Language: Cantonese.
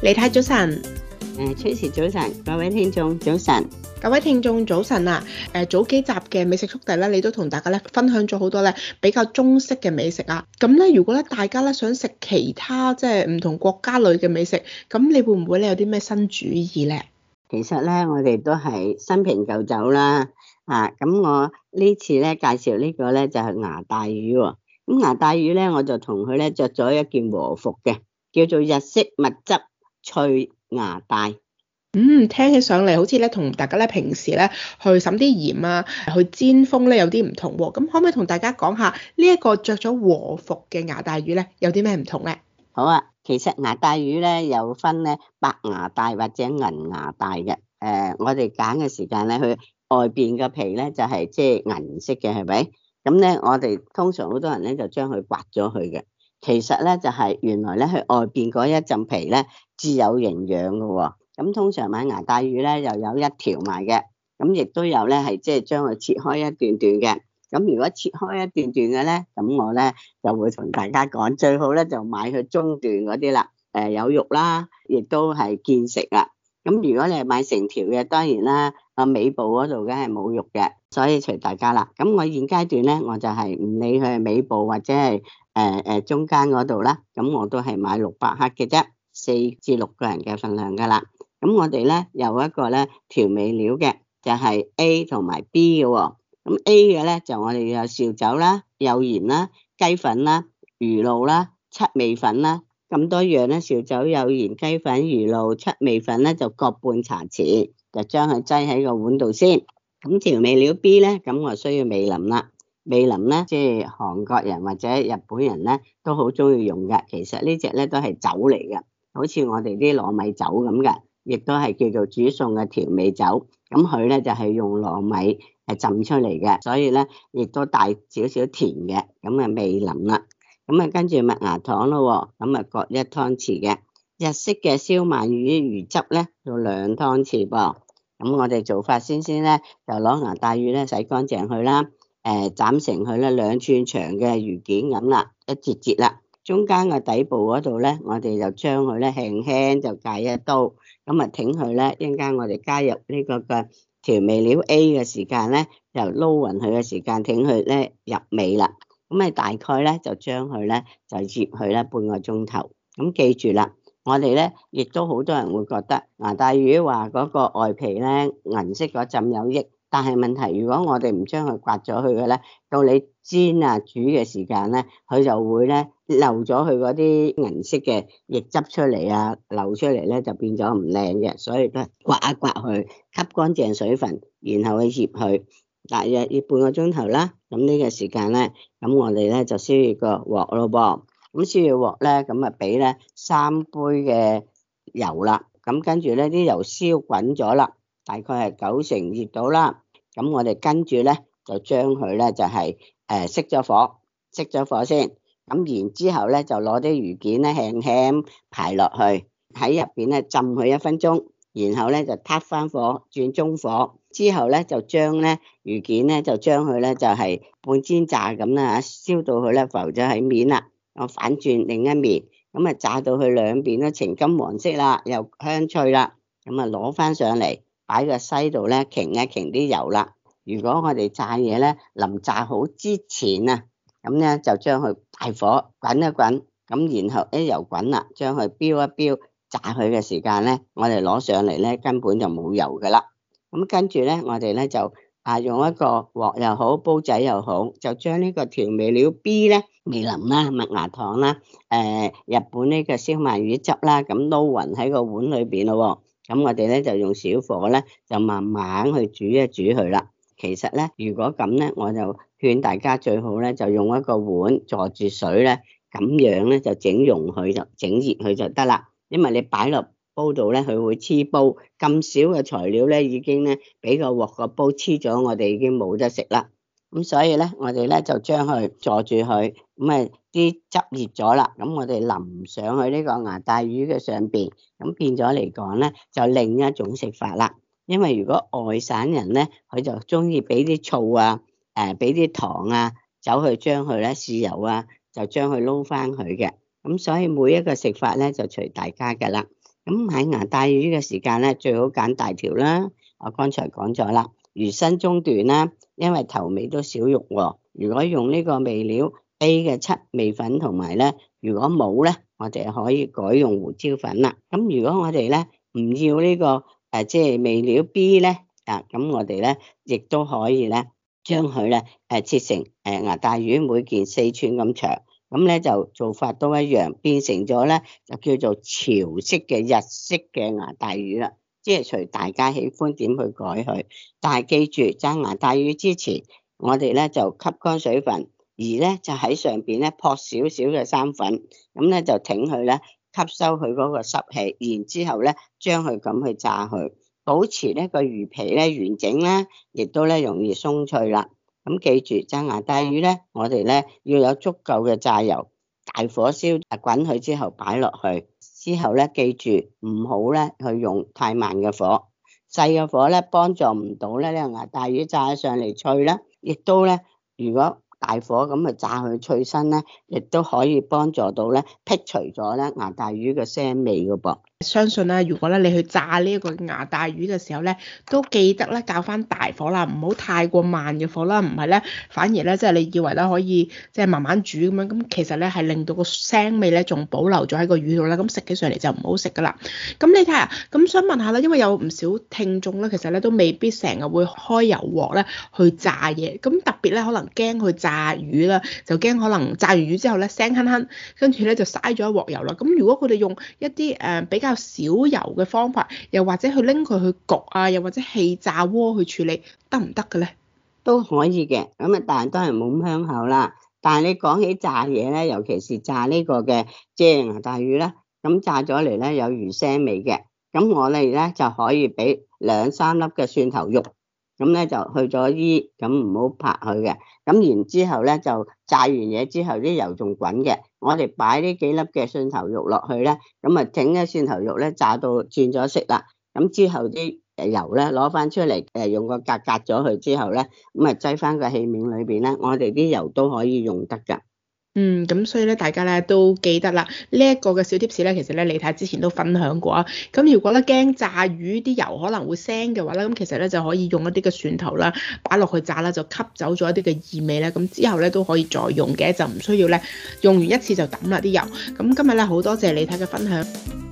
李太早晨，誒崔早晨，各位聽眾早晨，各位聽眾早晨啊。誒早幾集嘅美食速遞咧，你都同大家咧分享咗好多咧比較中式嘅美食啊，咁咧如果咧大家咧想食其他即係唔同國家類嘅美食，咁你會唔會咧有啲咩新主意咧？其實咧我哋都係新瓶舊酒啦，啊咁我呢次咧介紹呢個咧就係牙帶魚，咁牙帶魚咧我就同佢咧着咗一件和服嘅，叫做日式物汁。脆牙帶，嗯，聽起上嚟好似咧同大家咧平時咧去審啲鹽啊，去煎封咧有啲唔同喎、啊。咁可唔可以同大家講下呢一、這個着咗和服嘅牙帶魚咧有啲咩唔同咧？好啊，其實牙帶魚咧有分咧白牙帶或者銀牙帶嘅。誒、呃，我哋揀嘅時間咧，佢外邊嘅皮咧就係即係銀色嘅，係咪？咁咧，我哋通常好多人咧就將佢刮咗佢嘅。其實咧就係原來咧，佢外邊嗰一浸皮咧至有營養嘅喎、哦。咁通常買牙帶魚咧，又有一條埋嘅。咁亦都有咧，係即係將佢切開一段段嘅。咁如果切開一段段嘅咧，咁我咧就會同大家講，最好咧就買佢中段嗰啲啦。誒、呃、有肉啦，亦都係見食啊。咁如果你係買成條嘅，當然啦，個尾部嗰度梗係冇肉嘅，所以隨大家啦。咁我現階段咧，我就係唔理佢係尾部或者係。誒誒，中間嗰度咧，咁我都係買六百克嘅啫，四至六個人嘅份量噶啦。咁我哋咧有一個咧調味料嘅，就係、是、A 同埋 B 嘅喎、哦。咁 A 嘅咧就我哋有紹酒啦、有鹽啦、雞粉啦、魚露啦、七味粉啦，咁多樣咧。紹酒、有鹽、雞粉、魚露、七味粉咧就各半茶匙，就將佢擠喺個碗度先。咁調味料 B 咧，咁我需要味淋啦。味淋咧，即係韓國人或者日本人咧，都好中意用嘅。其實隻呢隻咧都係酒嚟嘅，好似我哋啲糯米酒咁嘅，亦都係叫做煮餸嘅調味酒。咁佢咧就係、是、用糯米係浸出嚟嘅，所以咧亦都帶少少甜嘅。咁啊味淋啦，咁啊跟住麥芽糖咯，咁啊各一湯匙嘅日式嘅燒鰻魚魚汁咧，要兩湯匙噃。咁、嗯、我哋做法先先咧，就攞牙帶魚咧洗乾淨去啦。誒，斬成佢啦，兩寸長嘅魚件咁啦，一節節啦，中間個底部嗰度咧，我哋就將佢咧輕輕就解一刀，咁啊挺佢咧，一陣間我哋加入呢個個調味料 A 嘅時間咧，就撈匀佢嘅時間，挺佢咧入味啦，咁啊大概咧就將佢咧就醃佢咧半個鐘頭，咁記住啦，我哋咧亦都好多人會覺得，嗱大魚話嗰個外皮咧銀色嗰浸有益。但係問題，如果我哋唔將佢刮咗去嘅咧，到你煎啊煮嘅時間咧，佢就會咧漏咗佢嗰啲銀色嘅液汁出嚟啊，流出嚟咧就變咗唔靚嘅，所以都係刮一刮佢，吸乾淨水分，然後去醃佢，大約醃半個鐘頭啦。咁呢個時間咧，咁我哋咧就燒熱個鑊咯噃。咁燒熱鑊咧，咁啊俾咧三杯嘅油啦。咁跟住咧啲油燒滾咗啦。大概係九成熱到啦，咁我哋跟住咧就將佢咧就係誒熄咗火，熄咗火先，咁然之後咧就攞啲魚件咧輕輕排落去喺入邊咧浸佢一分鐘，然後咧就撻翻火轉中火，之後咧就將咧魚件咧就將佢咧就係半煎炸咁啦吓，燒到佢咧浮咗喺面啦，我反轉另一面，咁啊炸到佢兩邊都呈金黃色啦，又香脆啦，咁啊攞翻上嚟。擺個西度咧，攪一攪啲油啦。如果我哋炸嘢咧，臨炸好之前啊，咁咧就將佢大火滾一滾，咁然後啲油滾啦，將佢標一標，炸佢嘅時間咧，我哋攞上嚟咧根本就冇油噶啦。咁跟住咧，我哋咧就啊用一個鑊又好，煲仔又好，就將呢個調味料 B 咧，味淋啦、麥芽糖啦、誒日本呢個燒鰻魚汁啦，咁撈勻喺個碗裏邊咯。咁我哋咧就用小火咧，就慢慢去煮一煮佢啦。其實咧，如果咁咧，我就勸大家最好咧，就用一個碗坐住水咧，咁樣咧就整溶佢就整熱佢就得啦。因為你擺落煲度咧，佢會黐煲。咁少嘅材料咧，已經咧俾個鑊個煲黐咗，我哋已經冇得食啦。咁所以咧，我哋咧就將佢坐住佢，咁啊～啲汁熱咗啦，咁我哋淋上去呢個牙帶魚嘅上邊，咁變咗嚟講咧，就另一種食法啦。因為如果外省人咧，佢就中意俾啲醋啊，誒俾啲糖啊，走去將佢咧豉油啊，就將佢撈翻佢嘅。咁所以每一個食法咧就隨大家噶啦。咁喺牙帶魚嘅時間咧，最好揀大條啦。我剛才講咗啦，魚身中段啦、啊，因為頭尾都少肉喎、啊。如果用呢個味料，A 嘅七味粉同埋咧，如果冇咧，我哋可以改用胡椒粉啦。咁如果我哋咧唔要呢個誒，即係味料 B 咧啊，咁我哋咧亦都可以咧，將佢咧誒切成誒牙帶魚，每件四寸咁長，咁咧就做法都一樣，變成咗咧就叫做潮式嘅日式嘅牙帶魚啦。即係隨大家喜歡點去改佢，但係記住，爭牙帶魚之前，我哋咧就吸乾水分。而咧就喺上邊咧撲少少嘅生粉，咁咧就挺佢咧吸收佢嗰個濕氣，然之後咧將佢咁去炸佢，保持呢個魚皮咧完整咧，亦都咧容易鬆脆啦。咁記住，炸牙帶魚咧，我哋咧要有足夠嘅炸油，大火燒滾佢之後擺落去，之後咧記住唔好咧去用太慢嘅火，細嘅火咧幫助唔到咧呢牙帶魚炸上嚟脆啦，亦都咧如果大火咁啊炸佢脆身咧，亦都可以幫助到咧，辟除咗咧牙大魚嘅腥味噶噃。相信咧，如果咧你去炸呢一個牙帶魚嘅時候咧，都記得咧搞返大火啦，唔好太過慢嘅火啦，唔係咧反而咧即係你以為咧可以即係慢慢煮咁樣，咁其實咧係令到個腥味咧仲保留咗喺個魚度啦，咁食起上嚟就唔好食噶啦。咁你睇下，咁想問下咧，因為有唔少聽眾咧，其實咧都未必成日會開油鑊咧去炸嘢，咁特別咧可能驚去炸魚啦，就驚可能炸完魚之後咧腥哼哼，跟住咧就嘥咗一鑊油啦。咁如果佢哋用一啲誒比較。較少油嘅方法，又或者去拎佢去焗啊，又或者氣炸鍋去處理，得唔得嘅咧？都可以嘅，咁啊，但係都係冇咁香口啦。但係你講起炸嘢咧，尤其是炸呢個嘅蒸大魚咧，咁炸咗嚟咧有魚腥味嘅，咁我哋咧就可以俾兩三粒嘅蒜頭肉，咁咧就去咗醫，咁唔好拍佢嘅。咁然之後咧就炸完嘢之後，啲油仲滾嘅。我哋擺呢幾粒嘅蒜頭肉落去咧，咁啊整啲蒜頭肉咧炸到轉咗色啦。咁之後啲誒油咧攞翻出嚟，誒用個格格咗佢之後咧，咁啊擠翻個器皿裏邊咧，我哋啲油都可以用得噶。嗯，咁所以咧，大家咧都記得啦。這個、呢一個嘅小 t 士 p 咧，其實咧李太之前都分享過啊。咁如果咧驚炸魚啲油可能會腥嘅話咧，咁其實咧就可以用一啲嘅蒜頭啦，擺落去炸啦，就吸走咗一啲嘅異味咧。咁之後咧都可以再用嘅，就唔需要咧用完一次就抌啦啲油。咁今日咧好多謝李太嘅分享。